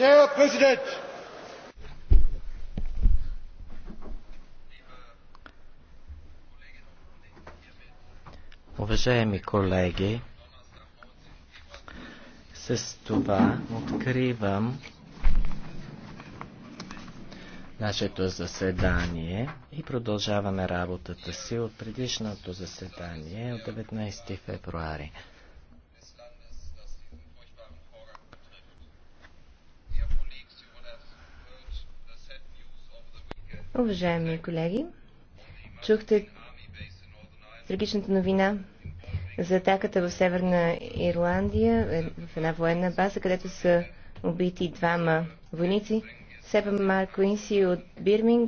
Der Präsident! Уважаеми колеги, с това откривам нашето заседание и продължаваме работата си от предишното заседание от 19 февруари. Уважаеми колеги, чухте трагичната новина за атаката в Северна Ирландия, е, в една военна база, където са убити двама войници. Себа Марко Инси от Бирминг